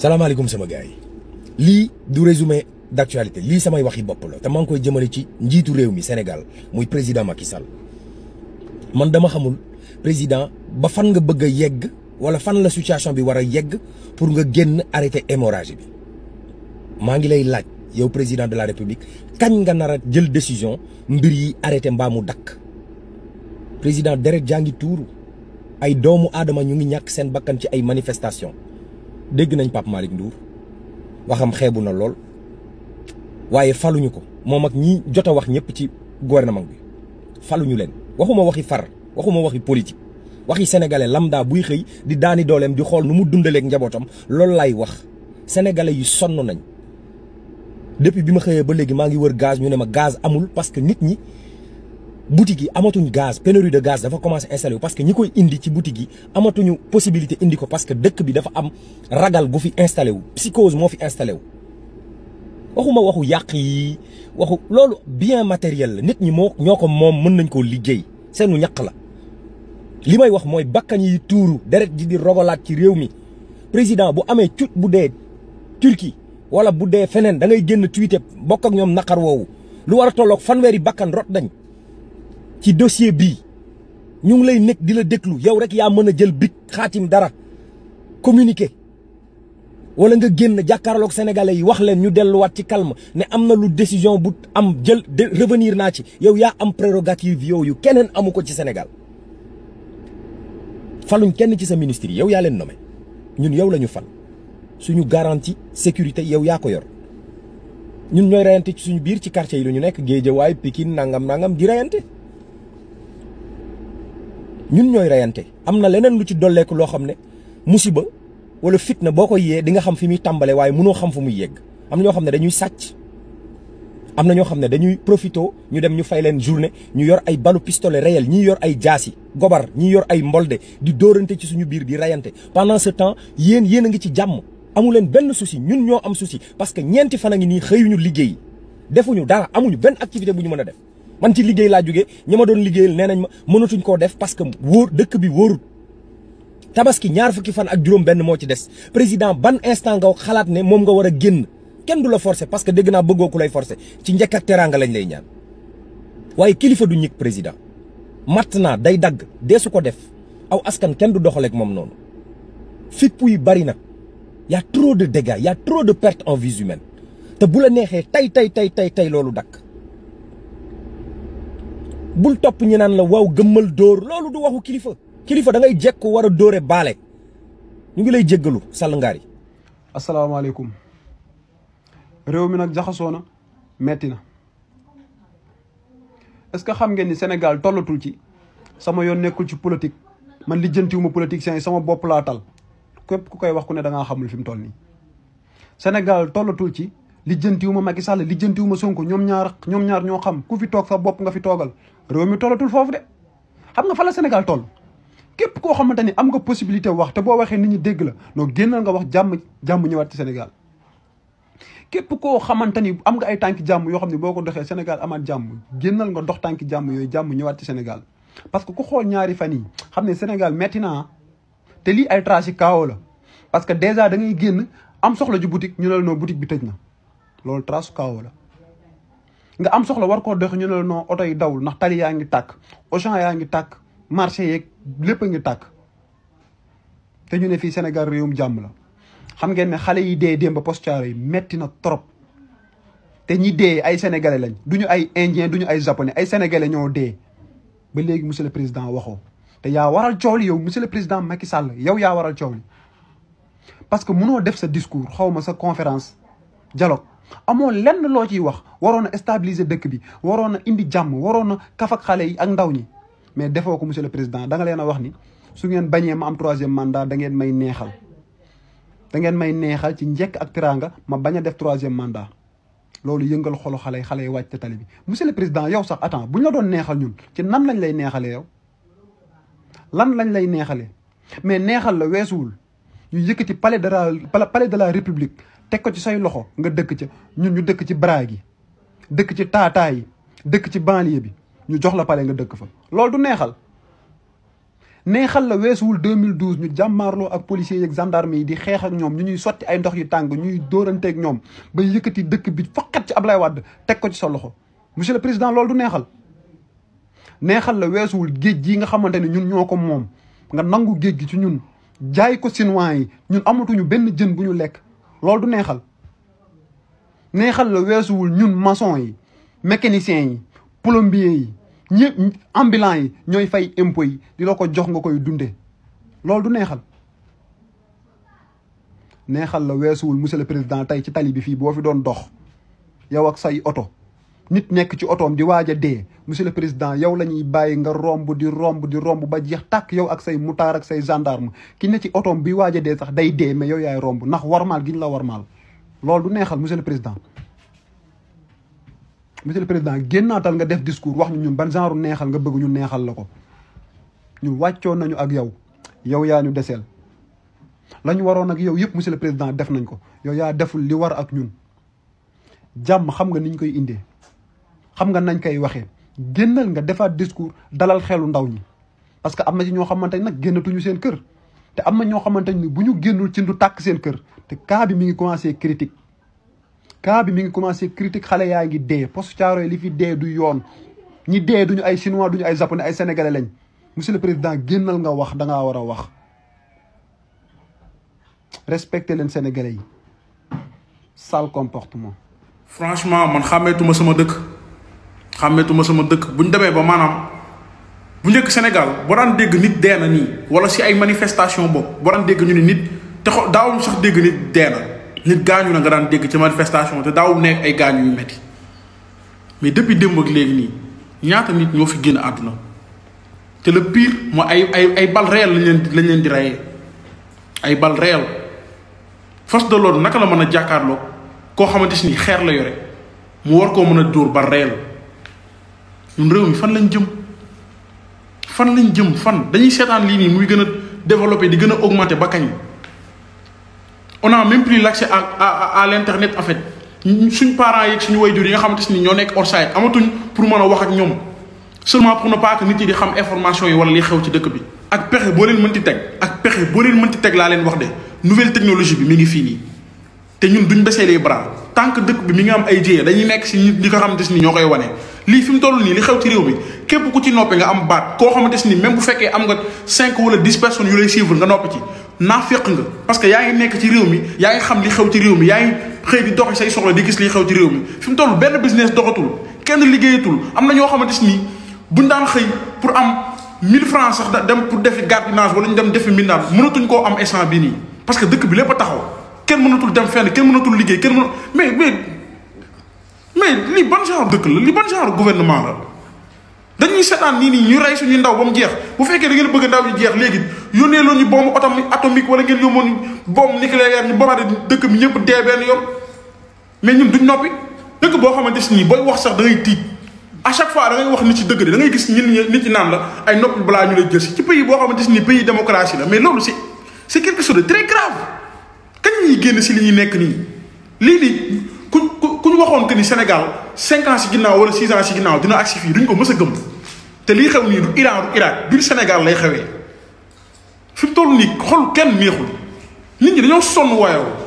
salaamaaleykum sama gars yi lii du résumé d' actualité lii samay wax waxi bopp la te maa ngi koy jëmale ci njiitu réew mi Sénégal muy président Macky Sall man dama xamul président ba fan nga bëgg a yegg wala fan la situation bi war a yegg pour nga génn arrêté hémorragie bi maa ngi lay laaj yow président de la république kañ nga nar a jël décision mbir yi arrêté mbaamu mu dakk président deret jaa ngi tuuru ay doomu aadama ñu ngi ñàkk seen bakkan ci ay manifestation dégg nañ Pape Malick Ndour waxam xeebu na lool waaye faluñu ko moom ak ñi jot a wax ñëpp ci gouvernement bi faluñu leen waxuma waxi far waxuma waxi politique waxi sénégalais lambda buy xëy di daani dooleem di xool nu mu dundaleeg njabootam loolu laay wax sénégalais yi sonn nañ depuis bi ma xëyee ba léegi maa ngi wër gaz ñu ne ma gaz amul parce que nit ñi boutique yi amatuñ gaz pénurie de gaz dafa commencé installé parce que ñi koy indi ci boutique yi amatuñu possibilité indi ko parce que dëkk bi dafa am ragal gu fi installé wu psychose moo fi installé waxuma waxu yàq yi waxu loolu bien matériel la nit ñi moo ñoo ko moom mën nañ koo liggéey seenu ñaq la li may wax mooy bakkan yi tuuru deret ji di rogalaat ci réew mi président bu amee cut bu dee Turquie wala bu dee feneen da ngay génn tweeté mbokk ak ñoom naqar woowu lu war a fanweeri bakkan rot dañ ci dossier bii ñu ngi lay nekk di la déglu yow rek yaa mën a jël bic xaatim dara communiqué walla nga génn jàkkaarlook sénégalais yi wax leen ñu delluwaat ci calme ne am na lu décision bu am jël revenir naa ci yow yaa am prérogative yooyu keneen amu ko ci senegal faluñ kenn ci sa ministre yow yaa leen nommé ñun yow la ñu fal suñu garantie sécurité yow yaa ko yor ñun ñooy reyante ci suñu biir ci quartier yi lu ñu nekk Guédiawaye Pikine nangam nangam di reyante ñun ñooy reyante am na leneen lu ci dolleeku loo xam ne musiba wala fitna boo ko yee di nga xam fi muy tàmbale waaye mënoo xam fu muy yegg am na ñoo xam ne dañuy sàcc am na ñoo xam ne dañuy profito ñu dem ñu fay leen journée ñu yor ay balu pistolet réel ñi yor ay jaasi gobar ñu yor ay mbolde di dóorante ci suñu biir di reyante pendant ce temps yéen yéen a ngi ci jàmm amu leen benn souci ñun ñoo am souci parce que ñeenti fan a ngi nii xëyuñu liggéey defuñu dara amuñu benn activité bu ñu mën a def man ci liggéey laa jóge ñi ma doon liggéeyal nee nañ ma mënatuñ koo def parce que wóor dëkk bi wóorut tabaski ñaar fukki fan ak juróom benn moo ci des président ban instant nga xalaat ne moom nga war a génn kenn du la forcer parce que dégg naa bëggoo lay forcer ci njëkk ak teraanga lañ lay ñaan waaye kilifa du ñig président matt naa day dagg deesu ko def aw askan kenn du doxaleek moom noonu fipp yi bari na y a trop de dégâts y a trop de pertes en vies te bu la neexee tey tey tey tey tey loolu dakk bul topp ñi naan la waaw gëmmal dóor loolu du waxu kilifa kilifa da ngay jekku war a dóore baale ñu ngi lay jéggalu Sall Ngari. asalaamaaleykum réew mi nag jaxasoo na metti na est que xam ngeen ni Sénégal tollatul ci sama yoon nekkul ci politique man lijjantiwuma politiciens yi sama bopp laa ku koy wax ne da ngaa xamul fi mu toll nii Sénégal tollatul ci. lijjantiwu ma Macky Sall lijjantiwu ma Sonko ñoom ñaar ñoom ñaar ñoo xam ku fi toog sa bopp nga fi toogal réew mi tollatul foofu de xam nga fa la Sénégal toll képp koo xamante ni am nga possibilité wax te boo waxee nit ñi dégg noo génnal nga wax jàmm jàmm ñëwaat ci Sénégal képp koo xamante ni am nga ay tànki jàmm yoo xam ne boo ko doxee Sénégal amaat jàmm génnal nga dox tànki jàmm yooyu jàmm ñëwaat ci Sénégal parce que ku xool ñaari fan yi xam ne Sénégal metti na ah, te lii ay tragique kawo la parce que déjà da ngay génn am soxla ju boutique ñu ne la noo boutique bi tëj na loolu trasu kaaw la nga am soxla war koo dox ñu ne la non oto yi dawul ndax tali yaa ngi tàkk Auchan yaa ngi tàkk marché yeeg lépp a ngi tàkk te ñu ne fii Sénégal réewum jàmm la xam ngeen ne xale yi dee démb Poste Thiaroye yi metti na trop te ñi dee ay sénégalais lañ ñu ay indien duñu ay japonais ay sénégalais ñoo dee ba léegi monsieur le président waxoo te yaa waral coow li yow monsieur le président Macky Sall yow yaa waral coow li parce que munoo def sa discours xaw ma sa conférence dialogue amoo lenn loo ciy wax waroon a stabiliser dëkk bi waroon a indi jàmm waroon a kaf xale yi ak ndaw ñi mais defoo ko monsieur le président da nga leen a wax ni su ngeen bañee ma am troisième mandat da may neexal da ngeen may neexal ci njekk ak teraanga ma bañ a def troisième mandat loolu yëngal xolu xale yi xale yi wàcc tali bi monsieur le président yow sax attends bu ñu la doon neexal ñun ci nan lañ lay neexalee yow lan lañ lay neexalee mais neexal la weesuwul ñu yëkkati palais de la palais de la république teg ko ci say loxo nga dëkk ca ñun ñu dëkk ci braag yi dëkk ci taataa yi dëkk ci banlieue bi ñu jox la pale nga dëkk fa. loolu du neexal neexal la weesuwul 2012 ñu jàmmaarloo ak policiers yeeg gendarme yi di xeex ak ñoom ñu ñuy sotti ay ndox yu tàng ñuy ñoom ba yëkkati dëkk bi faqat ci Ablaye Wade teg ko ci sa loxo monsieur le président loolu du neexal. neexal la weesuwul géej gi nga xamante ne ñun ñoo ko moom nga nangu géej gi ci ñun jaay ko chinois yi ñun amatuñu benn jën bu ñu lekk loolu du neexal neexal la weesuwul ñun mason yi mécaniciens yi plombier yi ñëpp ambulant yi ñooy fay impôts yi di la ko jox nga koy dundee loolu du neexal neexal la weesuwul monsieur le président tey ci tali bi fii boo fi doon dox yow ak say oto nit nekk ci otoom di waaj a dee monsieur le président yow la ñuy bàyyi nga romb di romb di romb ba jeex tàkk yow ak say mutaar ak say gendarme ki ne ci otoom bi waaj a dee sax day dee mais yow yaay romb ndax warmaal gi ñu la warmaal lool du neexal monsieur le président monsieur le président génnaatal nga def discours wax ñu ñun ban genre neexal nga bëgg ñu neexal la ko ñu wàccoon nañu ak yow yow yaa ñu deseel la ñu waroon ak yow yëpp monsieur le président def nañ ko yow yaa deful li war ak ñun jàmm xam nga niñ koy indee xam nga nañ koy waxee génnal nga defaat discours dalal xelu ndaw ñi parce que am na ci ñoo xamante nag génnatuñu seen kër te am na ñoo xamante ni bu ñu génnul ci du tàkk seen kër te cas bi mi ngi commencé critique cas bi mi ngi commencé critique xale yaa ngi dee poste Thiaroye li fi dee du yoon ñi dee duñu ay chinois duñu ay japonais ay sénégalais lañ monsieur le président génnal nga wax da ngaa war a wax respecté leen sénégalais yi sale comportement franchement man xàmmeetuma sama dëkk xàmmeetuma sama dëkk bu ñu demee ba maanaam bu njëkk Sénégal boo daan dégg nit dee na nii wala si ay manifestation bopp boo daan dégg ñu ne nit te xo daawuñu sax dégg nit dee na nit gaañu na nga daan dégg ci manifestation te daawu nekk ay gaañu yu metti mais depuis démb ak léegi nii ñaata nit ñoo fi génn àdduna te la pire mooy ay ay ay bal réel lañ leen di rayee ay bal réel force de l'ordre naka la mën a jàkkaarlook koo xamante si nii xeer la yore mu war koo mën a dóor réel ñun réew mi fan lañ jëm fan lañ jëm fan dañuy seetaan lii nii muy gën a développé di gën a augmenté ba kañ on a même plus l' accès à à à l' internet en fait suñ parents yeeg suñu wayjur yi nga xamante ni ñoo nekk outside amatuñ pour mën a wax ak ñoom seulement pour ne pas que nit yi di xam information yi wala liy xew ci dëkk bi. ak pexe boo leen mënti teg ak pexe boo leen mënti teg laa leen wax de nouvelle technologie bi mi ngi fii nii te ñun duñ baissé les bras tant que dëkk bi mi ngi am ay jéeya dañuy nekk si nit ñi nga xamante ni ñoo koy wane. lii fi mu toll nii li xew ci réew mi képp ku ci noppi nga am baat koo xamante ni même bu fekkee am nga cinq wala dix personnes yu lay suivre nga noppi ci naa féq nga parce que yaa ngi nekk ci réew mi yaa ngi xam li xew ci réew mi yaa ngi xëy di doxi say soxla di gis li xew ci réew mi fi mu toll benn business doxatul kenn liggéeyatul am na ñoo xamante ni buñ daan xëy pour am 1000 francs sax da dem pour defi gardiennage wala ñu dem defi mbindaan mënatuñ koo am instant bii nii parce que dëkk bi lépp taxaw kenn mënatul dem fenn kenn mënatul liggéey kenn mën mais mais mais li ban genre dëkk la li ban genre gouvernement la dañuy seetaan nii nii ñu rey suñu ndaw ba mu jeex bu fekkee da ngeen bëgg ndaw ñu jeex léegi ne loo ñu bombe atomique wala ngeen yóbboon bombe nucléaire ñu bombardé dëkk bi ñëpp dee yoon mais ñun duñ noppi dëkk boo xamante si nii booy wax sax da ngay a à chaque fois da wax nit ci dëgg de da ngay gis ñun nit ñi naan la ay noppi balaa ñu lay jël si ci pays boo xamante si li ñuy nekk nii lii nii ku ñu waxoon que ni Sénégal cinq ans si ginnaaw wala six ans si ginnaaw dina agsi fii duñ ko mës a te lii xew nii du Iran du biir Sénégal lay xewee fi mu toll nii xol kenn neexul nit ñi dañoo sonn waayoo